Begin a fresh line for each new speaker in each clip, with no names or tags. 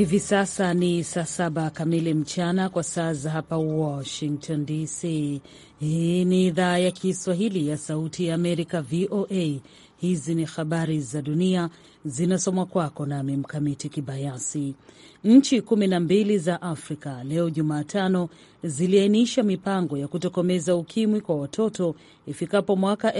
Hivi sasa ni saa saba kamili mchana kwa saa za hapa Washington DC. Hii ni idhaa ya Kiswahili ya Sauti ya Amerika, VOA, Hizi ni habari za dunia zinasomwa kwako nami Mkamiti Kibayasi. Nchi kumi na mbili za Afrika leo Jumatano ziliainisha mipango ya kutokomeza ukimwi kwa watoto ifikapo mwaka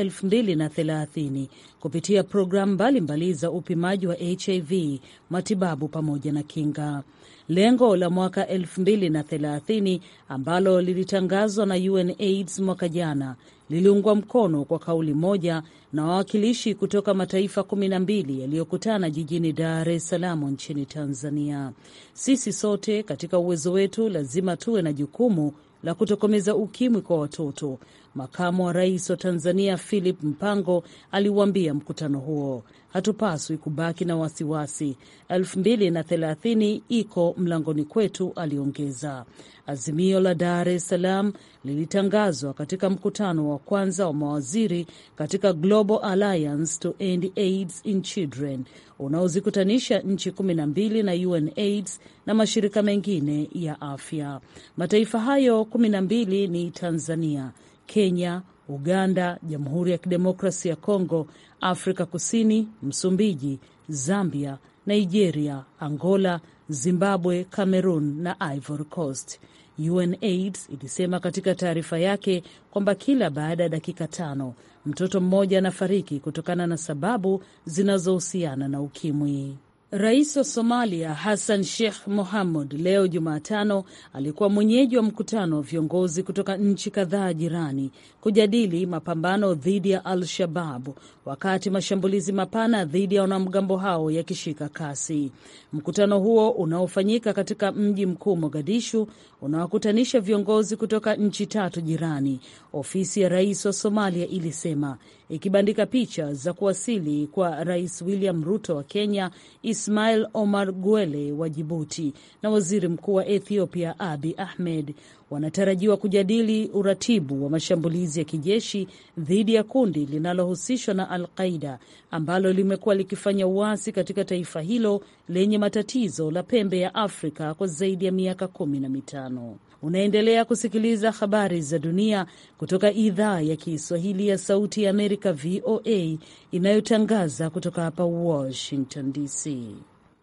thelathini kupitia programu mbalimbali za upimaji wa HIV, matibabu pamoja na kinga lengo la mwaka 2030 ambalo lilitangazwa na UNAIDS mwaka jana liliungwa mkono kwa kauli moja na wawakilishi kutoka mataifa kumi na mbili yaliyokutana jijini Dar es Salaam nchini Tanzania. Sisi sote katika uwezo wetu lazima tuwe na jukumu la kutokomeza ukimwi kwa watoto, makamu wa rais wa Tanzania Philip Mpango aliuambia mkutano huo hatupaswi kubaki na wasiwasi. 2030 iko mlangoni kwetu, aliongeza. Azimio la Dar es Salaam lilitangazwa katika mkutano wa kwanza wa mawaziri katika Global Alliance to End AIDS in Children unaozikutanisha nchi 12 na UNAIDS na mashirika mengine ya afya. Mataifa hayo 12 ni Tanzania, Kenya, Uganda, Jamhuri ya Kidemokrasi ya Kongo, Afrika Kusini, Msumbiji, Zambia, Nigeria, Angola, Zimbabwe, Cameroon na Ivory Coast. UNAIDS ilisema katika taarifa yake kwamba kila baada ya dakika tano mtoto mmoja anafariki kutokana na sababu zinazohusiana na ukimwi. Rais wa Somalia Hassan Sheikh Mohamud leo Jumatano alikuwa mwenyeji wa mkutano wa viongozi kutoka nchi kadhaa jirani kujadili mapambano dhidi ya Al-Shabab, wakati mashambulizi mapana dhidi ya wanamgambo hao yakishika kasi. Mkutano huo unaofanyika katika mji mkuu Mogadishu unawakutanisha viongozi kutoka nchi tatu jirani, ofisi ya rais wa Somalia ilisema ikibandika picha za kuwasili kwa Rais William Ruto wa Kenya, Ismail Omar Guelleh wa Jibuti na waziri mkuu wa Ethiopia abi Ahmed. Wanatarajiwa kujadili uratibu wa mashambulizi ya kijeshi dhidi ya kundi linalohusishwa na Al Qaida ambalo limekuwa likifanya uasi katika taifa hilo lenye matatizo la pembe ya Afrika kwa zaidi ya miaka kumi na mitano. Unaendelea kusikiliza habari za dunia kutoka idhaa ya Kiswahili ya Sauti ya Amerika, VOA, inayotangaza kutoka hapa Washington DC.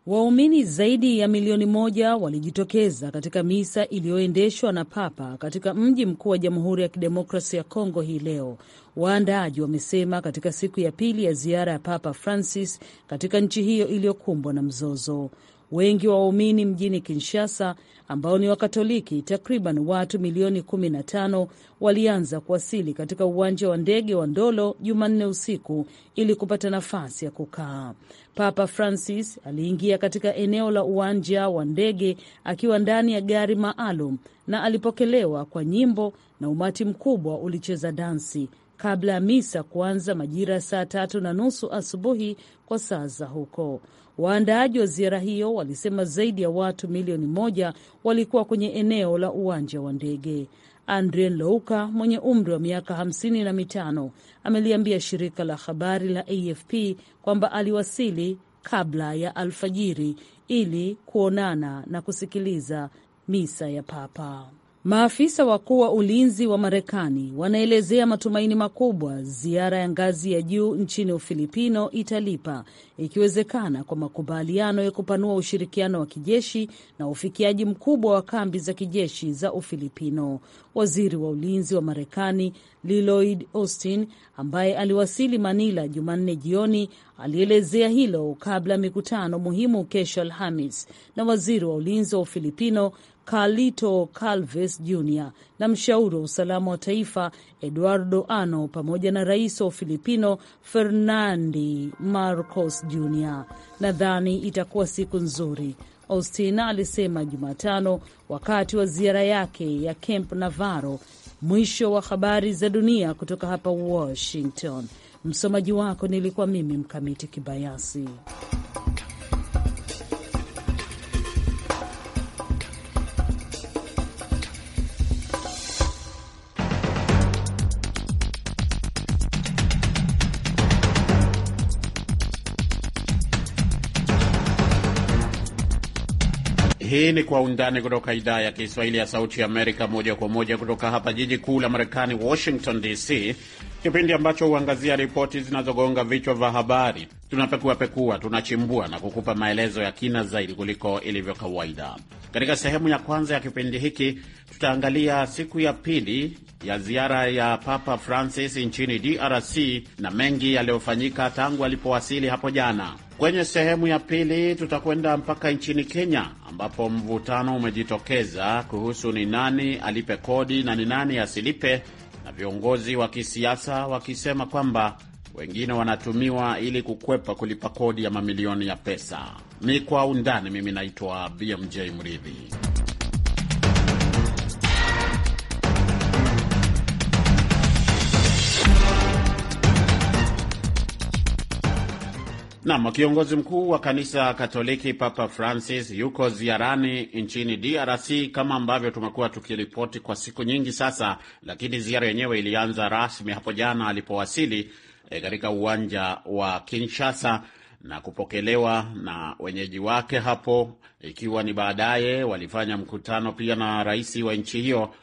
Waumini zaidi ya milioni moja walijitokeza katika misa iliyoendeshwa na Papa katika mji mkuu wa Jamhuri ya Kidemokrasi ya Kongo hii leo, waandaaji wamesema, katika siku ya pili ya ziara ya Papa Francis katika nchi hiyo iliyokumbwa na mzozo. Wengi wa waumini mjini Kinshasa ambao ni Wakatoliki, takriban watu milioni 15 walianza kuwasili katika uwanja wa ndege wa Ndolo Jumanne usiku ili kupata nafasi ya kukaa. Papa Francis aliingia katika eneo la uwanja wa ndege akiwa ndani ya gari maalum na alipokelewa kwa nyimbo na umati mkubwa ulicheza dansi kabla ya misa kuanza majira ya saa tatu na nusu asubuhi kwa saa za huko. Waandaaji wa ziara hiyo walisema zaidi ya watu milioni moja walikuwa kwenye eneo la uwanja wa ndege. Andrien Louka mwenye umri wa miaka hamsini na mitano ameliambia shirika la habari la AFP kwamba aliwasili kabla ya alfajiri ili kuonana na kusikiliza misa ya Papa. Maafisa wakuu wa ulinzi wa Marekani wanaelezea matumaini makubwa ziara ya ngazi ya juu nchini Ufilipino italipa, ikiwezekana, kwa makubaliano ya kupanua ushirikiano wa kijeshi na ufikiaji mkubwa wa kambi za kijeshi za Ufilipino. Waziri wa ulinzi wa Marekani Lloyd Austin, ambaye aliwasili Manila Jumanne jioni, alielezea hilo kabla ya mikutano muhimu kesho Alhamis na waziri wa ulinzi wa Ufilipino Carlito Calves Jr na mshauri wa usalama wa taifa Eduardo Ano pamoja na rais wa Ufilipino Fernandi Marcos Jr. Nadhani itakuwa siku nzuri, Austin alisema Jumatano wakati wa ziara yake ya Camp Navarro. Mwisho wa habari za dunia kutoka hapa Washington. Msomaji wako nilikuwa mimi Mkamiti Kibayasi.
ni Kwa Undani kutoka idhaa ya Kiswahili ya Sauti Amerika, moja kwa moja kutoka hapa jiji kuu la Marekani, Washington DC, kipindi ambacho huangazia ripoti zinazogonga vichwa vya habari. Tunapekuapekua, tunachimbua na kukupa maelezo ya kina zaidi kuliko ilivyo kawaida. Katika sehemu ya kwanza ya kipindi hiki, tutaangalia siku ya pili ya ziara ya Papa Francis nchini DRC na mengi yaliyofanyika tangu alipowasili hapo jana. Kwenye sehemu ya pili tutakwenda mpaka nchini Kenya ambapo mvutano umejitokeza kuhusu ni nani alipe kodi na ni nani asilipe, na viongozi wa kisiasa wakisema kwamba wengine wanatumiwa ili kukwepa kulipa kodi ya mamilioni ya pesa. Ni kwa undani. Mimi naitwa BMJ Mridhi. Nam kiongozi mkuu wa kanisa Katoliki Papa Francis yuko ziarani nchini DRC kama ambavyo tumekuwa tukiripoti kwa siku nyingi sasa, lakini ziara yenyewe ilianza rasmi hapo jana alipowasili eh, katika e, uwanja wa Kinshasa na kupokelewa na wenyeji wake hapo, ikiwa ni baadaye walifanya mkutano pia na rais wa nchi hiyo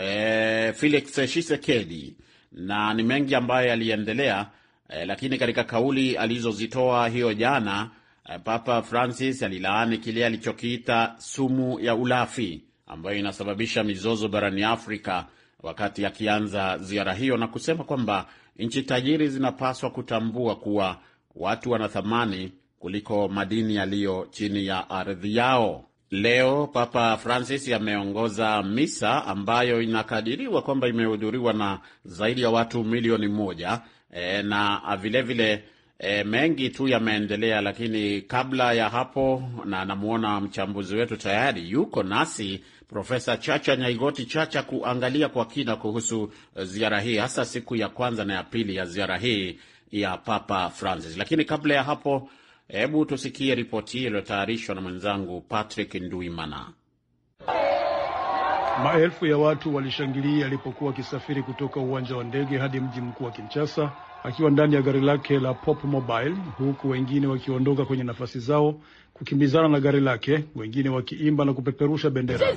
e, Felix Tshisekedi, na ni mengi ambayo yaliendelea eh, lakini katika kauli alizozitoa hiyo jana eh, Papa Francis alilaani kile alichokiita sumu ya ulafi ambayo inasababisha mizozo barani Afrika wakati akianza ziara hiyo na kusema kwamba nchi tajiri zinapaswa kutambua kuwa watu wana thamani kuliko madini yaliyo chini ya ardhi yao. Leo Papa Francis ameongoza misa ambayo inakadiriwa kwamba imehudhuriwa na zaidi ya watu milioni moja e, na vilevile vile, e, mengi tu yameendelea, lakini kabla ya hapo, na namwona mchambuzi wetu tayari yuko nasi Profesa Chacha Nyaigoti Chacha kuangalia kwa kina kuhusu e, ziara hii, hasa siku ya kwanza na ya pili ya ziara hii ya Papa Francis. Lakini kabla ya hapo, hebu tusikie ripoti hii iliyotayarishwa na mwenzangu Patrick Nduimana.
Maelfu ya watu walishangilia alipokuwa akisafiri kutoka uwanja wa ndege hadi mji mkuu wa Kinshasa akiwa ndani ya gari lake la Pop Mobile, huku wengine wakiondoka kwenye nafasi zao kukimbizana na gari lake, wengine wakiimba na kupeperusha bendera.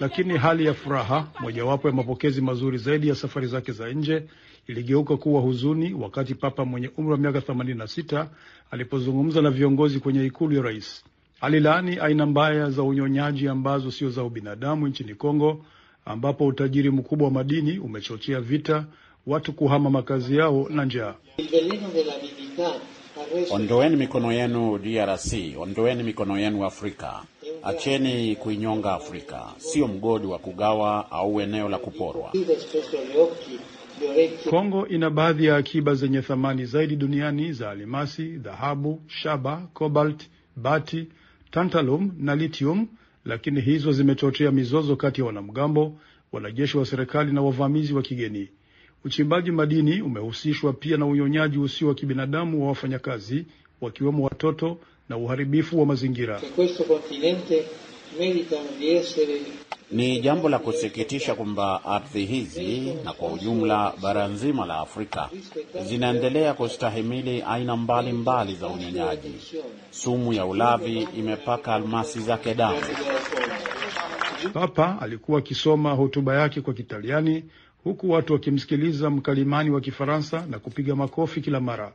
Lakini hali ya furaha, mojawapo ya mapokezi mazuri zaidi ya safari zake za nje, iligeuka kuwa huzuni wakati Papa mwenye umri wa miaka 86 alipozungumza na viongozi kwenye ikulu ya rais alilaani aina mbaya za unyonyaji ambazo sio za ubinadamu nchini Kongo, ambapo utajiri mkubwa wa madini umechochea vita, watu kuhama makazi yao na njaa.
Ondoeni mikono yenu DRC, ondoeni mikono yenu Afrika, acheni kuinyonga Afrika. Sio mgodi wa kugawa au eneo la kuporwa.
Kongo ina baadhi ya akiba zenye thamani zaidi duniani za alimasi, dhahabu, shaba, cobalt, bati tantalum na lithium, lakini hizo zimechochea mizozo kati ya wanamgambo, wanajeshi wa serikali na wavamizi wa kigeni. Uchimbaji madini umehusishwa pia na unyonyaji usio wa kibinadamu wa wafanyakazi, wakiwemo watoto na uharibifu wa mazingira.
Ni jambo la kusikitisha kwamba ardhi hizi na kwa ujumla bara nzima la Afrika zinaendelea kustahimili aina mbalimbali mbali za unyonyaji. Sumu ya ulavi imepaka almasi zake damu.
Papa alikuwa akisoma hotuba yake kwa Kitaliani huku watu wakimsikiliza mkalimani wa Kifaransa na kupiga makofi kila mara.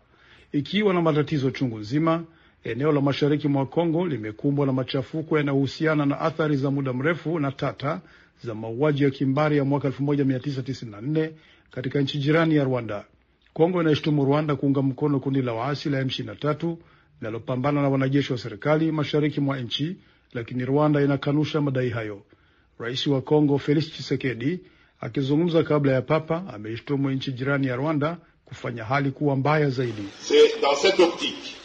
Ikiwa na matatizo chungu nzima, eneo la mashariki mwa Kongo limekumbwa na machafuko yanayohusiana na athari za muda mrefu na tata za mauaji ya kimbari ya mwaka 1994 katika nchi jirani ya Rwanda. Kongo inaishutumu Rwanda kuunga mkono kundi la waasi la M23 linalopambana na wanajeshi wa serikali mashariki mwa nchi, lakini Rwanda inakanusha madai hayo. Rais wa Kongo Felix Tshisekedi akizungumza kabla ya Papa ameishutumu nchi jirani ya Rwanda kufanya hali kuwa mbaya zaidi. C'est dans
cette optique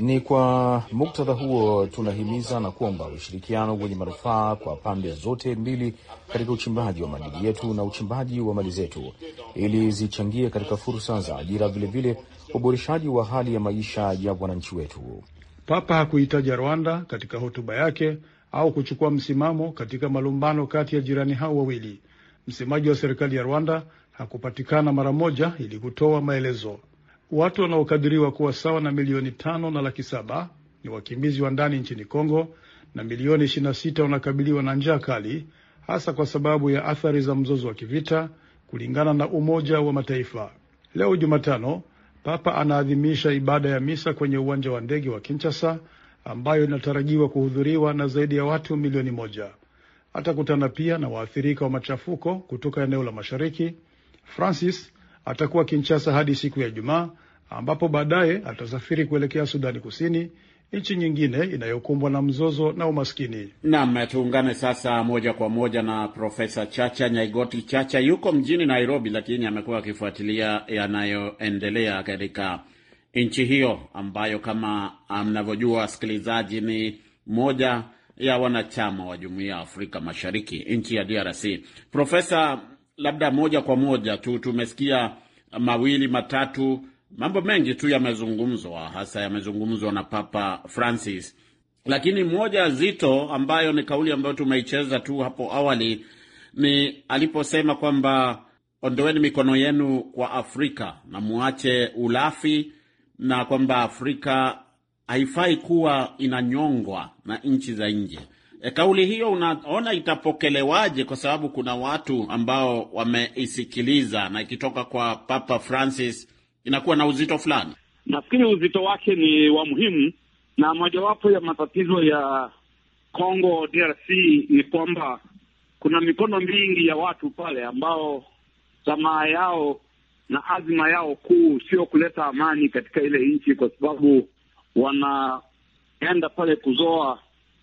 ni kwa muktadha huo tunahimiza na kuomba ushirikiano wenye manufaa kwa pande zote mbili katika uchimbaji wa madini yetu na uchimbaji wa mali zetu, ili zichangie katika fursa za ajira, vilevile uboreshaji wa hali ya maisha ya wananchi wetu.
Papa hakuhitaja Rwanda katika hotuba yake au kuchukua msimamo katika malumbano kati ya jirani hao wawili. Msemaji wa serikali ya Rwanda hakupatikana mara moja ili kutoa maelezo. Watu wanaokadiriwa kuwa sawa na milioni tano na laki saba ni wakimbizi wa ndani nchini Kongo na milioni 26 wanakabiliwa na njaa kali hasa kwa sababu ya athari za mzozo wa kivita, kulingana na Umoja wa Mataifa. Leo Jumatano, Papa anaadhimisha ibada ya misa kwenye uwanja wa ndege wa Kinshasa ambayo inatarajiwa kuhudhuriwa na zaidi ya watu milioni moja. Atakutana pia na waathirika wa machafuko kutoka eneo la mashariki. Francis Atakuwa Kinshasa hadi siku ya Ijumaa, ambapo baadaye atasafiri kuelekea Sudani Kusini, nchi nyingine inayokumbwa na mzozo na umaskini.
Naam, tuungane sasa moja kwa moja na Profesa Chacha Nyaigoti Chacha. Yuko mjini Nairobi, lakini amekuwa akifuatilia yanayoendelea katika nchi hiyo ambayo kama mnavyojua, wasikilizaji, ni moja ya wanachama wa Jumuiya ya Afrika Mashariki, nchi ya DRC. Profesa, labda moja kwa moja tu, tumesikia mawili matatu, mambo mengi tu yamezungumzwa, hasa yamezungumzwa na Papa Francis, lakini moja zito ambayo ni kauli ambayo tumeicheza tu hapo awali ni aliposema kwamba ondoeni mikono yenu kwa Afrika na muache ulafi, na kwamba Afrika haifai kuwa inanyongwa na nchi za nje. E, kauli hiyo unaona itapokelewaje? Kwa sababu kuna watu ambao wameisikiliza na ikitoka kwa Papa Francis inakuwa na uzito
fulani. Nafikiri uzito wake ni wa muhimu, na mojawapo ya matatizo ya Congo DRC ni kwamba kuna mikono mingi ya watu pale ambao tamaa yao na azima yao kuu sio kuleta amani katika ile nchi, kwa sababu wanaenda pale kuzoa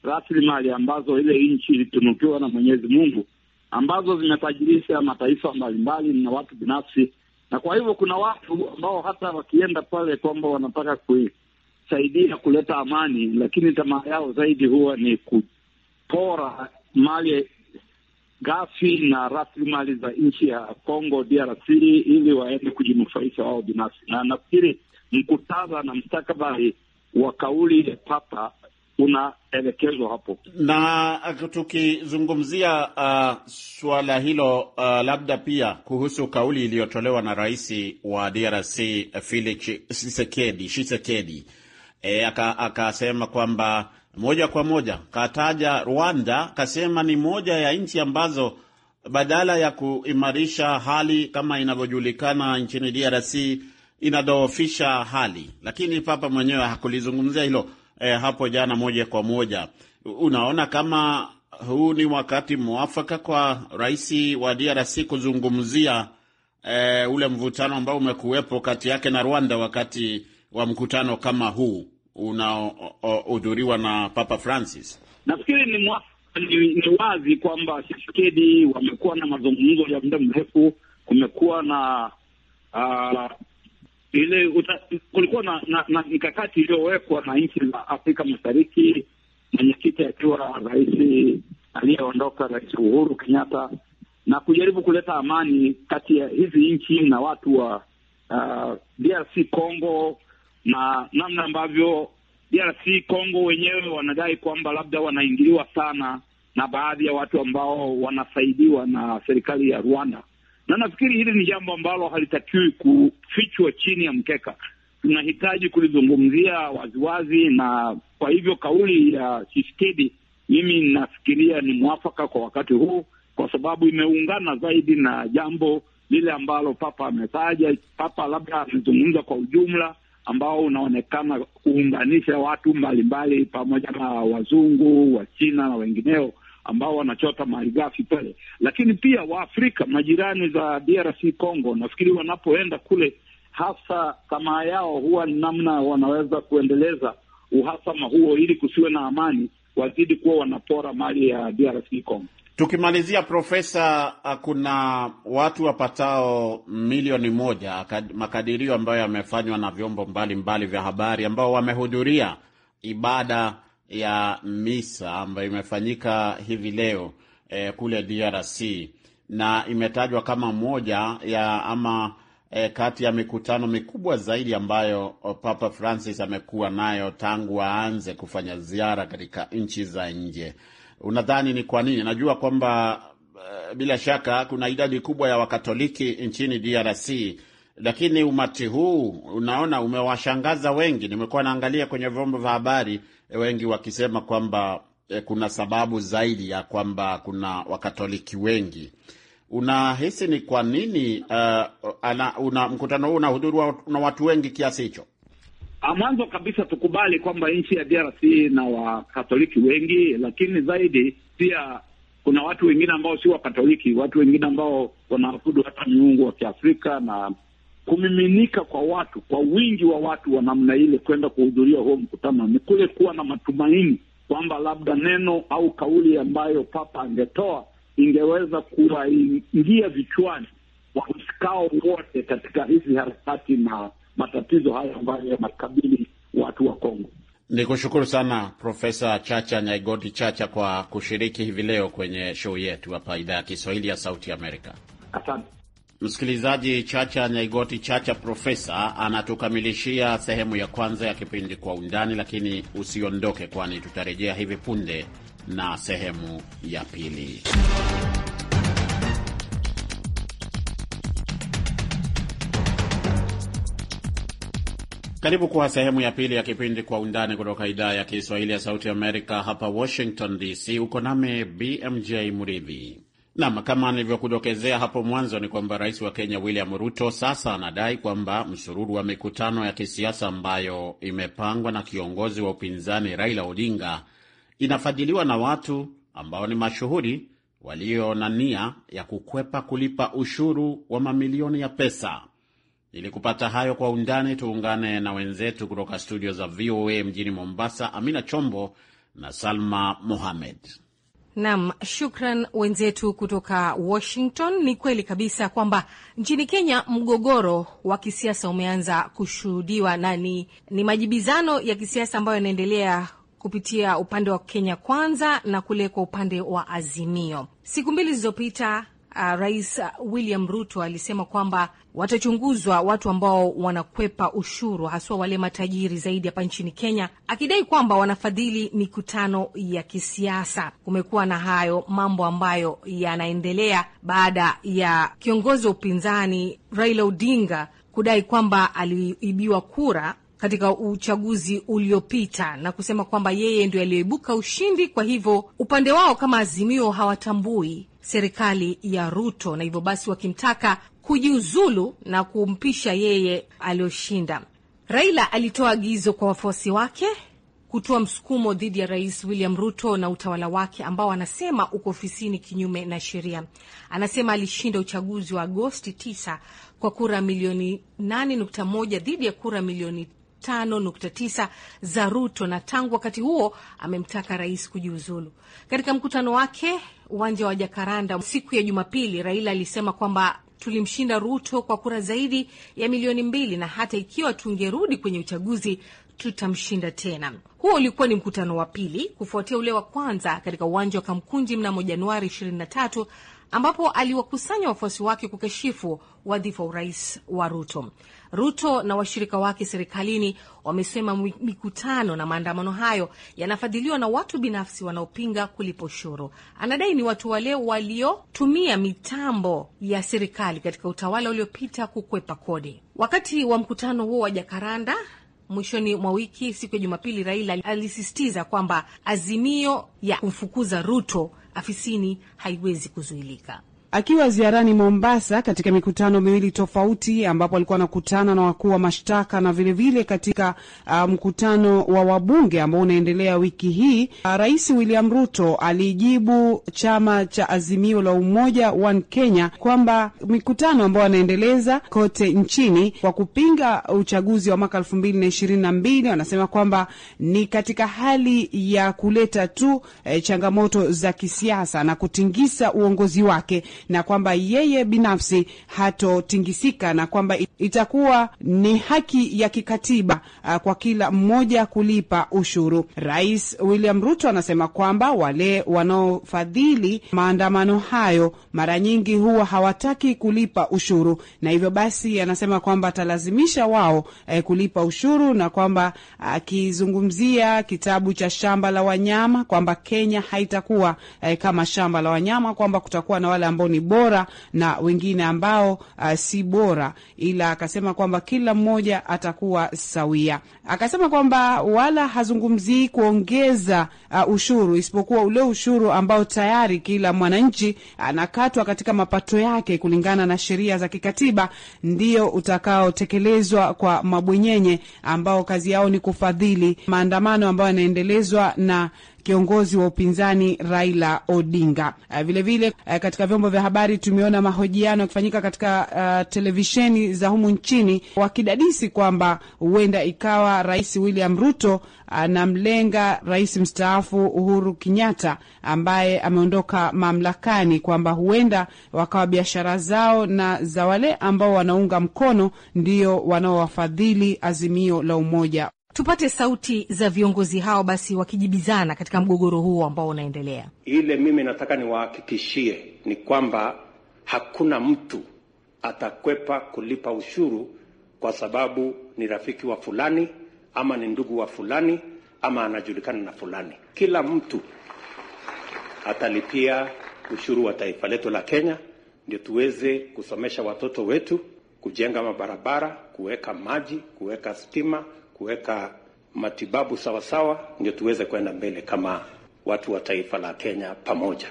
rasilimali ambazo ile nchi ilitunukiwa na Mwenyezi Mungu ambazo zimetajirisha mataifa mbalimbali na watu binafsi, na kwa hivyo kuna watu ambao hata wakienda pale kwamba wanataka kusaidia kuleta amani, lakini tamaa yao zaidi huwa ni kupora mali ghafi na rasilimali za nchi ya Congo DRC ili waende kujinufaisha wao binafsi. Na nafikiri mkutadha na mstakabali wa kauli ya Papa unaelekezwa hapo.
Na uh, tukizungumzia uh, suala hilo uh, labda pia kuhusu kauli iliyotolewa na rais wa DRC Felix Tshisekedi Tshisekedi, e, akasema aka kwamba moja kwa moja kataja Rwanda, kasema ni moja ya nchi ambazo badala ya kuimarisha hali kama inavyojulikana nchini DRC inadhoofisha hali, lakini papa mwenyewe hakulizungumzia hilo eh, hapo jana moja kwa moja. Unaona kama huu ni wakati mwafaka kwa rais wa DRC kuzungumzia eh, ule mvutano ambao umekuwepo kati yake na Rwanda wakati wa mkutano kama huu unaohudhuriwa na Papa Francis?
Nafikiri ni, mwa, ni, ni wazi kwamba Tshisekedi wamekuwa na mazungumzo ya muda mrefu, kumekuwa na uh, ile uta, kulikuwa na, na, na mikakati iliyowekwa na nchi za Afrika Mashariki, mwenyekiti akiwa rais aliyeondoka Rais Uhuru Kenyatta, na kujaribu kuleta amani kati ya hizi nchi na watu wa uh, ah, DRC Congo, na namna ambavyo DRC Congo wenyewe wanadai kwamba labda wanaingiliwa sana na baadhi ya watu ambao wanasaidiwa na serikali ya Rwanda na nafikiri hili ni jambo ambalo halitakiwi kufichwa chini ya mkeka. Tunahitaji kulizungumzia waziwazi, na kwa hivyo kauli ya uh, Tshisekedi mimi nafikiria ni mwafaka kwa wakati huu, kwa sababu imeungana zaidi na jambo lile ambalo Papa ametaja. Papa labda amezungumza kwa ujumla ambao unaonekana kuunganisha watu mbalimbali pamoja na wazungu, Wachina na wengineo ambao wanachota malighafi pale, lakini pia Waafrika majirani za DRC Congo, nafikiri wanapoenda kule, hasa tamaa yao huwa ni namna wanaweza kuendeleza uhasama huo ili kusiwe na amani, wazidi kuwa wanapora mali ya DRC Congo.
Tukimalizia Profesa, ah, kuna watu wapatao milioni moja, makadirio ambayo yamefanywa na vyombo mbalimbali mbali vya habari, ambao wamehudhuria ibada ya misa ambayo imefanyika hivi leo eh, kule DRC na imetajwa kama moja ya ama eh, kati ya mikutano mikubwa zaidi ambayo oh, Papa Francis amekuwa nayo tangu aanze kufanya ziara katika nchi za nje. Unadhani ni kwa nini? Najua kwamba eh, bila shaka kuna idadi kubwa ya Wakatoliki nchini DRC lakini umati huu unaona, umewashangaza wengi. Nimekuwa naangalia kwenye vyombo vya habari, e, wengi wakisema kwamba eh, kuna sababu zaidi ya kwamba kuna wakatoliki wengi. Unahisi ni kwa nini uh, ana, una, mkutano huu unahudhuriwa na watu wengi kiasi
hicho? Ah, mwanzo kabisa tukubali kwamba nchi ya DRC na wakatoliki wengi, lakini zaidi pia kuna watu wengine ambao si wakatoliki, watu wengine ambao wanaabudu hata miungu wa Kiafrika na kumiminika kwa watu, kwa wingi wa watu wa namna ile kwenda kuhudhuria huo mkutano, ni kule kuwa na matumaini kwamba labda neno au kauli ambayo Papa angetoa ingeweza kuwaingia vichwani wahusikao wote katika hizi harakati na matatizo hayo ambayo yanakabili watu wa Kongo.
Ni kushukuru sana Profesa Chacha Nyaigoti Chacha kwa kushiriki hivi leo kwenye show yetu hapa idhaa ya Kiswahili ya Sauti Amerika. Asante. Msikilizaji Chacha Nyaigoti Chacha Profesa anatukamilishia sehemu ya kwanza ya kipindi Kwa Undani, lakini usiondoke, kwani tutarejea hivi punde na sehemu ya pili. Karibu kwa sehemu ya pili ya kipindi Kwa Undani kutoka idhaa ya Kiswahili ya Sauti Amerika hapa Washington DC. Uko nami BMJ Muridhi. Nam, kama nilivyokudokezea hapo mwanzo ni kwamba rais wa Kenya William Ruto sasa anadai kwamba msururu wa mikutano ya kisiasa ambayo imepangwa na kiongozi wa upinzani Raila Odinga inafadhiliwa na watu ambao ni mashuhuri walio na nia ya kukwepa kulipa ushuru wa mamilioni ya pesa. Ili kupata hayo kwa undani, tuungane na wenzetu kutoka studio za VOA mjini Mombasa, Amina Chombo na Salma Mohamed.
Nam, shukran wenzetu kutoka Washington. Ni kweli kabisa kwamba nchini Kenya mgogoro wa kisiasa umeanza kushuhudiwa na ni, ni majibizano ya kisiasa ambayo yanaendelea kupitia upande wa Kenya Kwanza na kule kwa upande wa Azimio. Siku mbili zilizopita uh, Rais ah, William Ruto alisema kwamba watachunguzwa watu ambao wanakwepa ushuru haswa wale matajiri zaidi hapa nchini Kenya, akidai kwamba wanafadhili mikutano ya kisiasa. Kumekuwa na hayo mambo ambayo yanaendelea baada ya kiongozi wa upinzani Raila Odinga kudai kwamba aliibiwa kura katika uchaguzi uliopita na kusema kwamba yeye ndio aliyoibuka ushindi. Kwa hivyo upande wao kama Azimio hawatambui serikali ya Ruto na hivyo basi wakimtaka kujiuzulu na kumpisha yeye aliyoshinda. Raila alitoa agizo kwa wafuasi wake kutoa msukumo dhidi ya Rais William Ruto na utawala wake ambao anasema uko ofisini kinyume na sheria. Anasema alishinda uchaguzi wa Agosti 9 kwa kura milioni 8.1 dhidi ya kura milioni 5.9 za Ruto, na tangu wakati huo amemtaka rais kujiuzulu. Katika mkutano wake uwanja wa Jakaranda siku ya Jumapili, Raila alisema kwamba tulimshinda Ruto kwa kura zaidi ya milioni mbili na hata ikiwa tungerudi kwenye uchaguzi tutamshinda tena. Huo ulikuwa ni mkutano wa pili kufuatia ule wa kwanza katika uwanja wa Kamkunji mnamo Januari 23 ambapo aliwakusanya wafuasi wake kukashifu wadhifa wa urais wa Ruto. Ruto na washirika wake serikalini wamesema mikutano na maandamano hayo yanafadhiliwa na watu binafsi wanaopinga kulipa ushuru. Anadai ni watu wale waliotumia mitambo ya serikali katika utawala uliopita kukwepa kodi. Wakati wa mkutano huo wa Jakaranda mwishoni mwa wiki, siku ya Jumapili, Raila alisisitiza kwamba azimio ya kumfukuza Ruto afisini haiwezi kuzuilika.
Akiwa ziarani Mombasa katika mikutano miwili tofauti ambapo alikuwa anakutana na wakuu wa mashtaka na vilevile vile katika uh, mkutano wa wabunge ambao unaendelea wiki hii uh, Rais William Ruto alijibu chama cha Azimio la Umoja One Kenya kwamba mikutano ambayo anaendeleza kote nchini kwa kupinga uchaguzi wa mwaka elfu mbili na ishirini na mbili wanasema kwamba ni katika hali ya kuleta tu eh, changamoto za kisiasa na kutingisa uongozi wake na kwamba yeye binafsi hatotingisika na kwamba itakuwa ni haki ya kikatiba uh, kwa kila mmoja kulipa ushuru. Rais William Ruto anasema kwamba wale wanaofadhili maandamano hayo mara nyingi huwa hawataki kulipa ushuru, na hivyo basi anasema kwamba atalazimisha wao eh, kulipa ushuru, na kwamba akizungumzia kitabu cha shamba la wanyama kwamba Kenya haitakuwa eh, kama shamba la wanyama, kwamba kutakuwa na wale ambao ambao ni bora na wengine ambao uh, si bora, ila akasema kwamba kila mmoja atakuwa sawia. Akasema kwamba wala hazungumzii kuongeza uh, ushuru isipokuwa ule ushuru ambao tayari kila mwananchi anakatwa katika mapato yake kulingana na sheria za kikatiba, ndio utakaotekelezwa kwa mabwenyenye ambao kazi yao ni kufadhili maandamano ambayo yanaendelezwa na kiongozi wa upinzani Raila Odinga. Vilevile eh, vile, eh, katika vyombo vya habari tumeona mahojiano yakifanyika katika uh, televisheni za humu nchini wakidadisi kwamba huenda ikawa Rais William Ruto anamlenga rais mstaafu Uhuru Kenyatta ambaye ameondoka mamlakani, kwamba huenda wakawa biashara zao na za wale ambao wanaunga mkono ndio wanaowafadhili
Azimio la Umoja Tupate sauti za viongozi hao basi wakijibizana katika mgogoro huo ambao unaendelea.
Ile mimi nataka niwahakikishie ni kwamba hakuna mtu atakwepa kulipa ushuru kwa sababu ni rafiki wa fulani ama ni ndugu wa fulani ama anajulikana na fulani. Kila mtu atalipia ushuru wa taifa letu la Kenya, ndio tuweze kusomesha watoto wetu, kujenga mabarabara, kuweka maji, kuweka stima kuweka matibabu sawasawa, ndio tuweze kwenda mbele kama watu wa taifa la Kenya pamoja.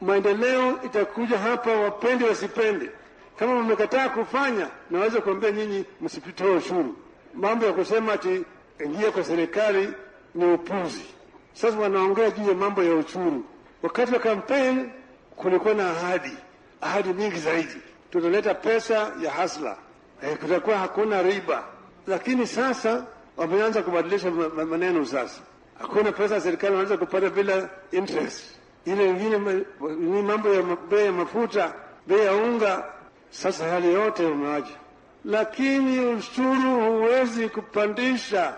Maendeleo itakuja hapa, wapende wasipende. Kama mmekataa kufanya, naweza kuambia nyinyi msitoe ushuru. Mambo ya kusema ati ingia kwa serikali ni upuzi. Sasa wanaongea juu ya mambo ya ushuru. Wakati wa kampeni kulikuwa na ahadi, ahadi nyingi zaidi, tutaleta pesa ya hasla, eh, kutakuwa hakuna riba, lakini sasa wameanza kubadilisha maneno sasa. Hakuna pesa ya serikali wanaweza kupata bila interest. Ile ingine ni mambo ya bei ya mafuta, bei ya unga. Sasa hali yote umewaja, lakini ushuru huwezi kupandisha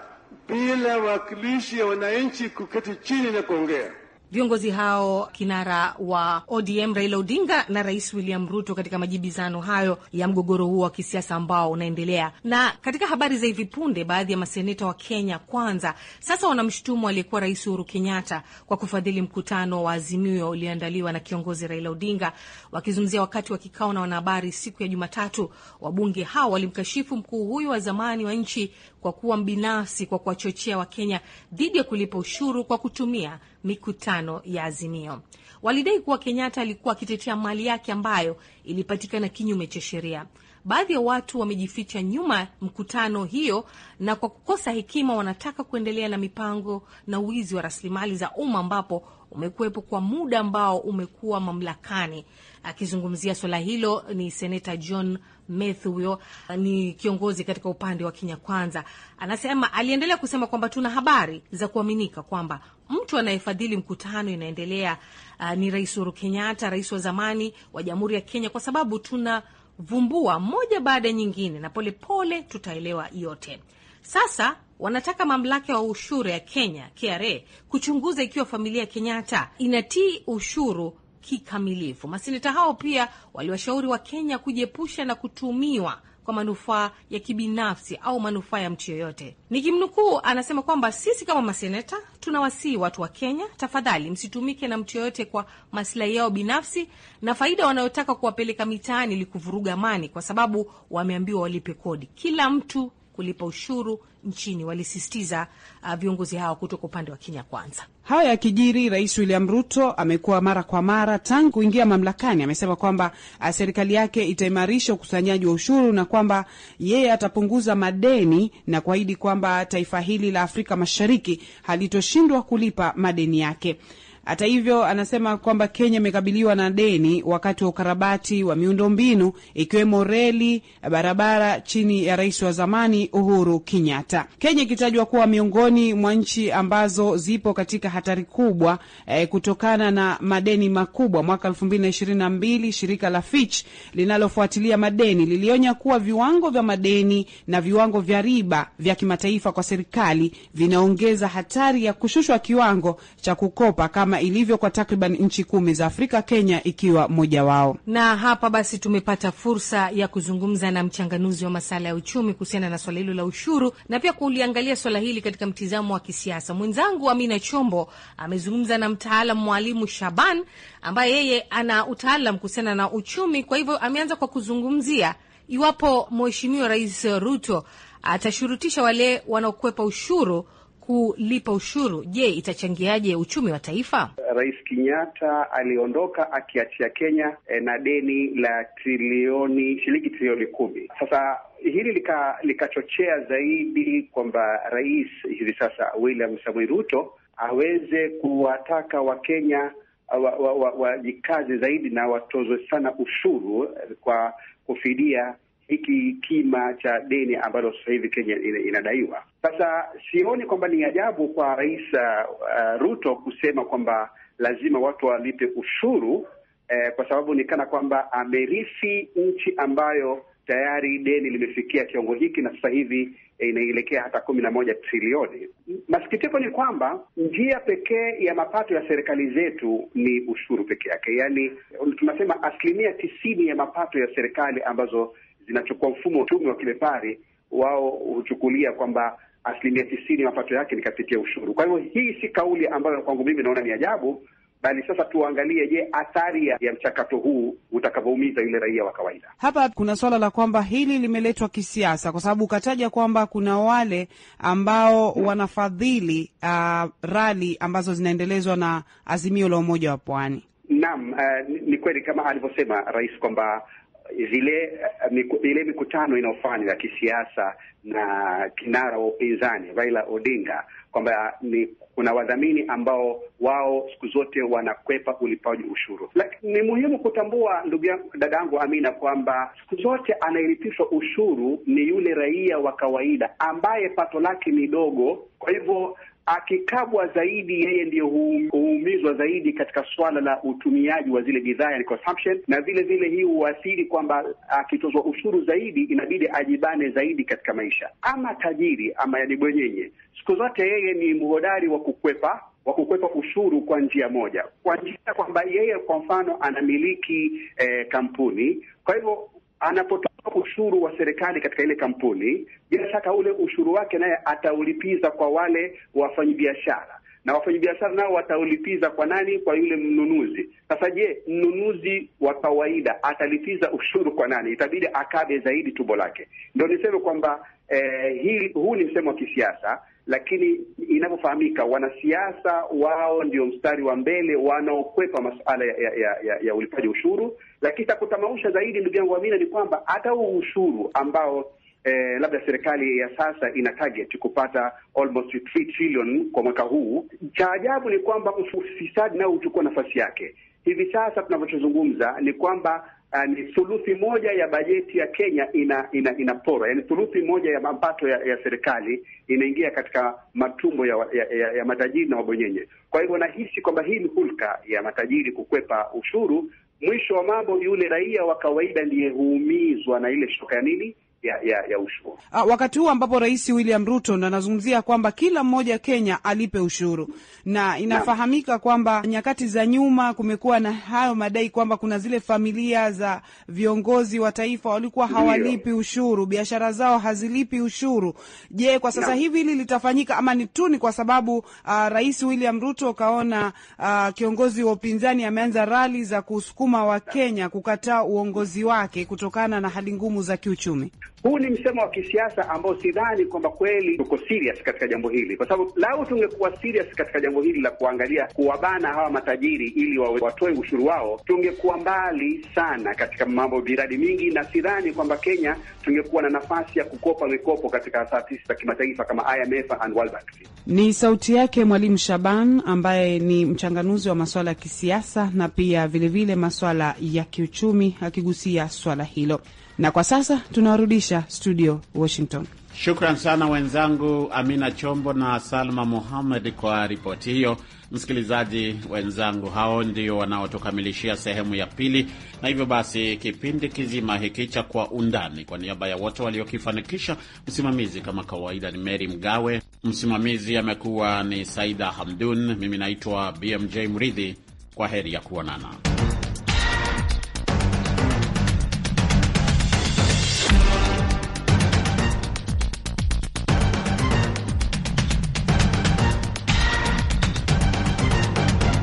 bila wakilishi ya wananchi kuketi chini na kuongea.
Viongozi hao kinara wa ODM Raila Odinga na Rais William Ruto katika majibizano hayo ya mgogoro huo wa kisiasa ambao unaendelea. Na katika habari za hivi punde, baadhi ya maseneta wa Kenya Kwanza sasa wanamshutumu aliyekuwa Rais Uhuru Kenyatta kwa kufadhili mkutano wa Azimio ulioandaliwa na kiongozi Raila Odinga. Wakizungumzia wakati wa kikao na wanahabari siku ya Jumatatu, wabunge hao walimkashifu mkuu huyu wa zamani wa nchi kwa kuwa mbinafsi kwa kuwachochea Wakenya dhidi ya kulipa ushuru kwa kutumia mikutano maandamano ya Azimio. Walidai kuwa Kenyatta alikuwa akitetea mali yake ambayo ilipatikana kinyume cha sheria. Baadhi ya watu wamejificha nyuma mkutano hiyo, na kwa kukosa hekima wanataka kuendelea na mipango na wizi wa rasilimali za umma ambapo umekuwepo kwa muda ambao umekuwa mamlakani. Akizungumzia swala hilo ni seneta John Mathew, ni kiongozi katika upande wa Kenya Kwanza. Anasema aliendelea kusema kwamba tuna habari za kuaminika kwamba mtu anayefadhili mkutano inaendelea uh, ni Rais Uhuru Kenyatta, rais wa zamani wa Jamhuri ya Kenya, kwa sababu tunavumbua moja baada ya nyingine na polepole pole tutaelewa yote. Sasa wanataka mamlaka ya ushuru ya Kenya KRA kuchunguza ikiwa familia ya Kenyatta inatii ushuru kikamilifu. Maseneta hao pia waliwashauri wa Kenya kujiepusha na kutumiwa kwa manufaa ya kibinafsi au manufaa ya mtu yoyote. Nikimnukuu, anasema kwamba sisi kama maseneta tunawasihi watu wa Kenya, tafadhali msitumike na mtu yoyote kwa masilahi yao binafsi na faida wanayotaka kuwapeleka mitaani ili kuvuruga amani, kwa sababu wameambiwa walipe kodi. Kila mtu kulipa ushuru nchini, walisisitiza uh, viongozi hao kutoka upande wa Kenya Kwanza.
ya yakijiri, Rais William Ruto amekuwa mara kwa mara tangu kuingia mamlakani, amesema kwamba uh, serikali yake itaimarisha ukusanyaji wa ushuru na kwamba yeye atapunguza madeni na kuahidi kwamba taifa hili la Afrika Mashariki halitoshindwa kulipa madeni yake. Hata hivyo, anasema kwamba Kenya imekabiliwa na deni wakati wa ukarabati wa miundombinu ikiwemo reli, barabara chini ya rais wa zamani Uhuru Kenyatta. Kenya ikitajwa kuwa miongoni mwa nchi ambazo zipo katika hatari kubwa eh, kutokana na madeni makubwa. Mwaka 2022 shirika la Fitch linalofuatilia madeni lilionya kuwa viwango vya madeni na viwango vya riba vya kimataifa kwa serikali vinaongeza hatari ya kushushwa kiwango cha kukopa kama kama ilivyo kwa takriban nchi kumi za Afrika, Kenya ikiwa mmoja wao.
Na hapa basi tumepata fursa ya kuzungumza na mchanganuzi wa masala ya uchumi kuhusiana na swala hilo la ushuru na pia kuliangalia swala hili katika mtizamo wa kisiasa. Mwenzangu Amina Chombo amezungumza na mtaalam Mwalimu Shaban ambaye yeye ana utaalam kuhusiana na uchumi, kwa hivyo ameanza kwa kuzungumzia iwapo Mheshimiwa Rais Ruto atashurutisha wale wanaokwepa ushuru kulipa ushuru, je, itachangiaje uchumi wa taifa?
Rais Kenyatta aliondoka akiachia Kenya e, na deni la trilioni shilingi trilioni kumi. Sasa hili likachochea lika zaidi kwamba rais hivi sasa William Samoei Ruto aweze kuwataka Wakenya wajikaze wa, wa, wa, zaidi na watozwe sana ushuru eh, kwa kufidia hiki kima cha deni ambalo sasa hivi Kenya inadaiwa. Sasa sioni kwamba ni ajabu kwa Rais uh, uh, Ruto kusema kwamba lazima watu walipe ushuru eh, kwa sababu ni kana kwamba amerithi nchi ambayo tayari deni limefikia kiwango hiki na sasa hivi eh, inaelekea hata kumi na moja trilioni. Masikitiko ni kwamba njia pekee ya mapato ya serikali zetu ni ushuru peke yake, yaani tunasema asilimia tisini ya mapato ya serikali ambazo zinachokuwa mfumo wa uchumi wa kilepari wao huchukulia kwamba asilimia tisini mapato yake ni kupitia ushuru. Kwa hivyo hii si kauli ambayo kwangu mimi naona ni ajabu, bali sasa tuangalie, je, athari ya mchakato huu utakavyoumiza yule raia wa
kawaida. Hapa kuna swala la kwamba hili limeletwa kisiasa, kwa sababu ukataja kwamba kuna wale ambao wanafadhili uh, rali ambazo zinaendelezwa na Azimio la Umoja wa Pwani.
Naam, uh, ni kweli kama alivyosema rais kwamba zile eh, ile mikutano inayofanywa ya kisiasa na kinara wa upinzani Raila Odinga kwamba ni kuna wadhamini ambao wao siku zote wanakwepa ulipaji ushuru. Lakini ni muhimu kutambua, ndugu yangu, dada yangu Amina, kwamba siku zote anayelipishwa ushuru ni yule raia wa kawaida ambaye pato lake ni dogo. Kwa hivyo akikabwa zaidi, yeye ndiyo huumizwa zaidi katika swala la utumiaji wa zile bidhaa, yani consumption, na vile vile hii huathiri kwamba akitozwa ushuru zaidi, inabidi ajibane zaidi katika maisha. Ama tajiri ama yani bwenyenye, siku zote yeye ni mhodari wa kukwepa wa kukwepa ushuru kwa njia moja, kwa njia kwamba yeye kwa mfano anamiliki eh, kampuni. Kwa hivyo anapotoa ushuru wa serikali katika ile kampuni, bila shaka ule ushuru wake naye ataulipiza kwa wale wafanyabiashara, na wafanyabiashara nao wataulipiza kwa nani? Kwa yule mnunuzi. Sasa je, mnunuzi wa kawaida atalipiza ushuru kwa nani? Itabidi akabe zaidi tumbo lake. Ndio niseme kwamba eh, hii huu ni msemo wa kisiasa lakini inavyofahamika, wanasiasa wao ndio mstari wa mbele wanaokwepa masuala ya, ya, ya, ya ulipaji ushuru. Lakini takutamausha zaidi, ndugu yangu Amina, ni kwamba hata huu ushuru ambao Eh, labda serikali ya sasa ina target kupata almost 3 trillion kwa mwaka huu. Cha ajabu ni kwamba ufisadi nao huchukua nafasi yake. Hivi sasa tunavyozungumza ni kwamba Ah, ni thuluthi moja ya bajeti ya Kenya ina ina inapora, yaani thuluthi moja ya mapato ya, ya serikali inaingia katika matumbo ya, ya, ya, ya matajiri na wabonyenye. Kwa hivyo nahisi kwamba hii ni hulka ya matajiri kukwepa ushuru. Mwisho wa mambo, yule raia wa kawaida ndiye huumizwa na ile shoka ya nini ya, ya, ya ushuru
ah, wakati huu ambapo Rais William Ruto anazungumzia kwamba kila mmoja Kenya alipe ushuru, na inafahamika kwamba nyakati za nyuma kumekuwa na hayo madai kwamba kuna zile familia za viongozi wa taifa walikuwa hawalipi ushuru, biashara zao hazilipi ushuru. Je, kwa sasa hivi hili litafanyika ama ni tu ni kwa sababu uh, Rais William Ruto kaona uh, kiongozi wa upinzani ameanza rali za kusukuma Wakenya kukataa uongozi wake kutokana na hali ngumu za kiuchumi?
Huu ni msemo wa kisiasa ambao sidhani kwamba kweli tuko serious katika jambo hili, kwa sababu lau tungekuwa serious katika jambo hili la kuangalia kuwabana hawa matajiri ili watoe ushuru wao, tungekuwa mbali sana katika mambo miradi mingi, na sidhani kwamba Kenya tungekuwa na nafasi ya kukopa mikopo katika taasisi za kimataifa kama IMF and World Bank.
Ni sauti yake Mwalimu Shaban ambaye ni mchanganuzi wa maswala ya kisiasa na pia vilevile maswala ya kiuchumi, akigusia swala hilo na kwa sasa tunawarudisha studio Washington.
Shukran sana wenzangu Amina Chombo na Salma Muhamed kwa ripoti hiyo. Msikilizaji wenzangu, hao ndio wanaotukamilishia sehemu ya pili, na hivyo basi kipindi kizima hiki cha Kwa Undani, kwa niaba ya wote waliokifanikisha, msimamizi kama kawaida ni Meri Mgawe, msimamizi amekuwa ni Saida Hamdun, mimi naitwa BMJ Mridhi. Kwa heri ya kuonana.